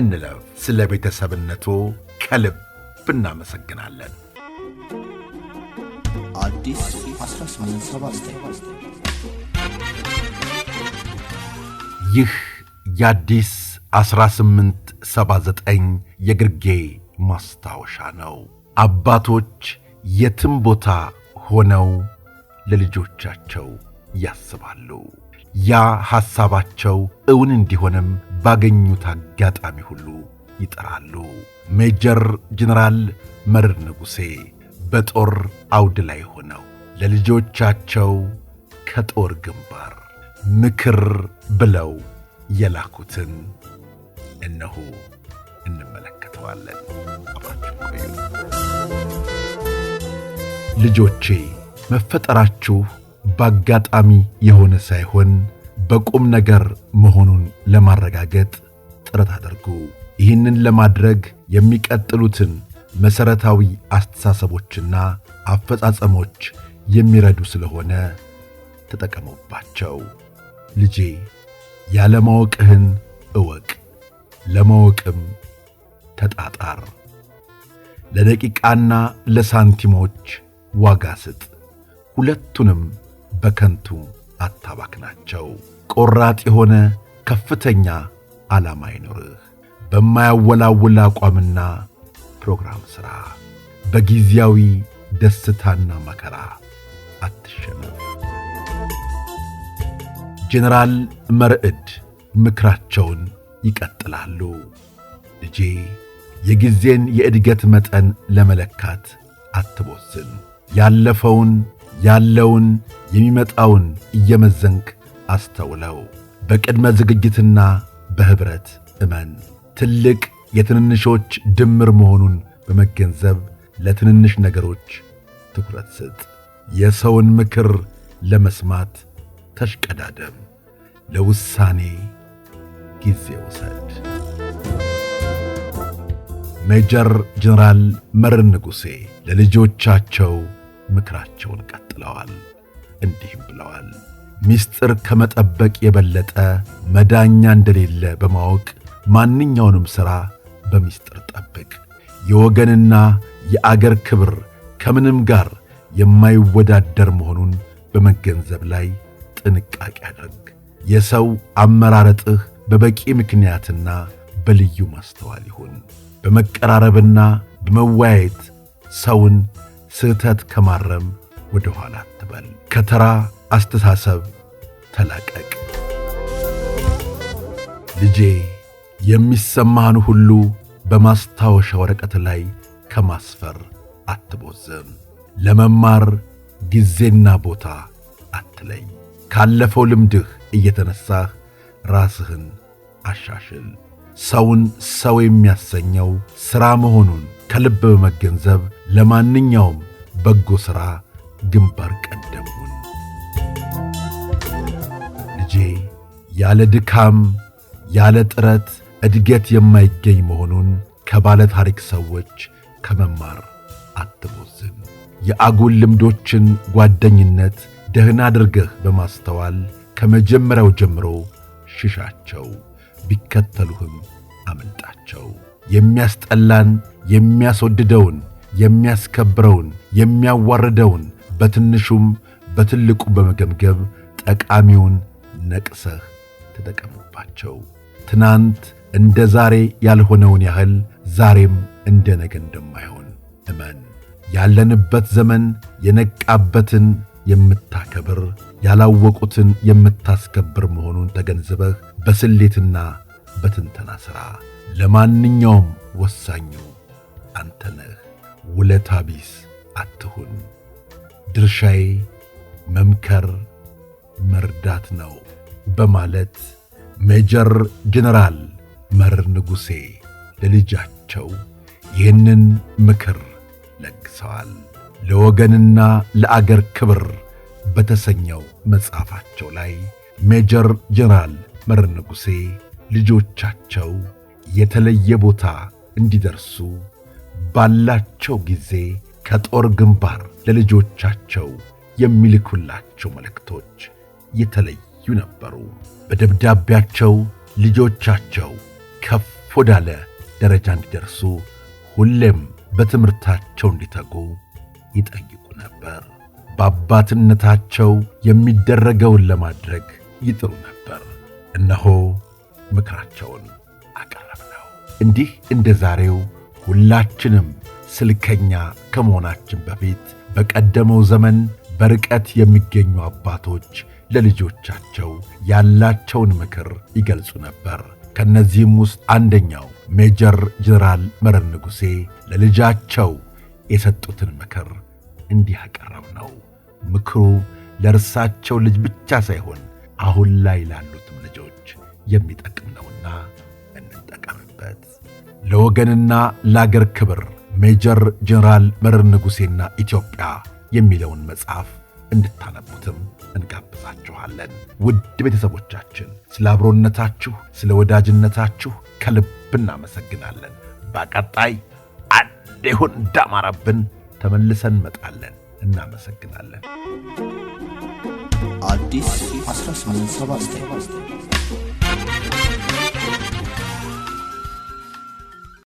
እንለፍ። ስለ ቤተሰብነቱ ከልብ እናመሰግናለን። ይህ የአዲስ 1879 የግርጌ ማስታወሻ ነው። አባቶች የትም ቦታ ሆነው ለልጆቻቸው ያስባሉ። ያ ሐሳባቸው እውን እንዲሆንም ባገኙት አጋጣሚ ሁሉ ይጠራሉ። ሜጀር ጀነራል መርር ንጉሴ በጦር አውድ ላይ ሆነው ለልጆቻቸው ከጦር ግንባር ምክር ብለው የላኩትን እነሆ እንመለከተዋለን። አብራችሁ ቆዩ። ልጆቼ መፈጠራችሁ በአጋጣሚ የሆነ ሳይሆን በቁም ነገር መሆኑን ለማረጋገጥ ጥረት አድርጉ። ይህንን ለማድረግ የሚቀጥሉትን መሠረታዊ አስተሳሰቦችና አፈጻጸሞች የሚረዱ ስለሆነ ተጠቀሙባቸው። ልጄ ያለማወቅህን እወቅ፣ ለማወቅም ተጣጣር። ለደቂቃና ለሳንቲሞች ዋጋ ስጥ። ሁለቱንም በከንቱ አታባክናቸው። ቆራጥ የሆነ ከፍተኛ ዓላማ አይኖርህ። በማያወላውል አቋምና ፕሮግራም ሥራ። በጊዜያዊ ደስታና መከራ አትሸነፍ። ጄኔራል መርዕድ ምክራቸውን ይቀጥላሉ። ልጄ የጊዜን የእድገት መጠን ለመለካት አትቦስን። ያለፈውን ያለውን የሚመጣውን እየመዘንክ አስተውለው። በቅድመ ዝግጅትና በኅብረት እመን። ትልቅ የትንንሾች ድምር መሆኑን በመገንዘብ ለትንንሽ ነገሮች ትኩረት ስጥ። የሰውን ምክር ለመስማት ተሽቀዳደም። ለውሳኔ ጊዜ ውሰድ። ሜጀር ጀነራል መረን ንጉሴ ለልጆቻቸው ምክራቸውን ቀጥለዋል። እንዲህም ብለዋል። ምስጢር ከመጠበቅ የበለጠ መዳኛ እንደሌለ በማወቅ ማንኛውንም ሥራ በምስጢር ጠብቅ። የወገንና የአገር ክብር ከምንም ጋር የማይወዳደር መሆኑን በመገንዘብ ላይ ጥንቃቄ አድርግ። የሰው አመራረጥህ በበቂ ምክንያትና በልዩ ማስተዋል ይሁን። በመቀራረብና በመወያየት ሰውን ስህተት ከማረም ወደ ኋላ አትበል። ከተራ አስተሳሰብ ተላቀቅ። ልጄ የሚሰማህን ሁሉ በማስታወሻ ወረቀት ላይ ከማስፈር አትቦዝም። ለመማር ጊዜና ቦታ አትለይ። ካለፈው ልምድህ እየተነሳህ ራስህን አሻሽል። ሰውን ሰው የሚያሰኘው ሥራ መሆኑን ከልብ በመገንዘብ ለማንኛውም በጎ ሥራ ግንባር ቀደም ሁን። ልጄ ያለ ድካም ያለ ጥረት እድገት የማይገኝ መሆኑን ከባለ ታሪክ ሰዎች ከመማር አትቦዝን። የአጉል ልምዶችን ጓደኝነት ደህና አድርገህ በማስተዋል ከመጀመሪያው ጀምሮ ሽሻቸው፣ ቢከተሉህም አምልጣቸው። የሚያስጠላን የሚያስወድደውን የሚያስከብረውን የሚያዋርደውን በትንሹም በትልቁ በመገምገም ጠቃሚውን ነቅሰህ ተጠቀምባቸው። ትናንት እንደ ዛሬ ያልሆነውን ያህል ዛሬም እንደ ነገ እንደማይሆን እመን። ያለንበት ዘመን የነቃበትን የምታከብር ያላወቁትን የምታስከብር መሆኑን ተገንዝበህ በስሌትና በትንተና ሥራ ለማንኛውም ወሳኙ አንተ ነህ። ውለታ ቢስ አትሁን። ድርሻዬ መምከር መርዳት ነው በማለት ሜጀር ጀነራል መር ንጉሴ ለልጃቸው ይህንን ምክር ለግሰዋል። ለወገንና ለአገር ክብር በተሰኘው መጽሐፋቸው ላይ ሜጀር ጀነራል መር ንጉሴ ልጆቻቸው የተለየ ቦታ እንዲደርሱ ባላቸው ጊዜ ከጦር ግንባር ለልጆቻቸው የሚልኩላቸው መልእክቶች የተለዩ ነበሩ። በደብዳቤያቸው ልጆቻቸው ከፍ ወዳለ ደረጃ እንዲደርሱ ሁሌም በትምህርታቸው እንዲተጉ ይጠይቁ ነበር። በአባትነታቸው የሚደረገውን ለማድረግ ይጥሩ ነበር። እነሆ ምክራቸውን ነው። እንዲህ እንደ ዛሬው ሁላችንም ስልከኛ ከመሆናችን በፊት በቀደመው ዘመን በርቀት የሚገኙ አባቶች ለልጆቻቸው ያላቸውን ምክር ይገልጹ ነበር። ከእነዚህም ውስጥ አንደኛው ሜጀር ጀነራል መረር ንጉሴ ለልጃቸው የሰጡትን ምክር እንዲህ ያቀረብ ነው። ምክሩ ለእርሳቸው ልጅ ብቻ ሳይሆን አሁን ላይ ላሉትም ልጆች የሚጠቅም ነውና እንጠቀምበት። ለወገንና ለአገር ክብር ሜጀር ጀነራል መረር ንጉሴና ኢትዮጵያ የሚለውን መጽሐፍ እንድታነቡትም እንጋብዛችኋለን። ውድ ቤተሰቦቻችን ስለ አብሮነታችሁ፣ ስለ ወዳጅነታችሁ ከልብ እናመሰግናለን። በቀጣይ አዴሁን እንዳማረብን ተመልሰን እንመጣለን። እናመሰግናለን። አዲስ 1879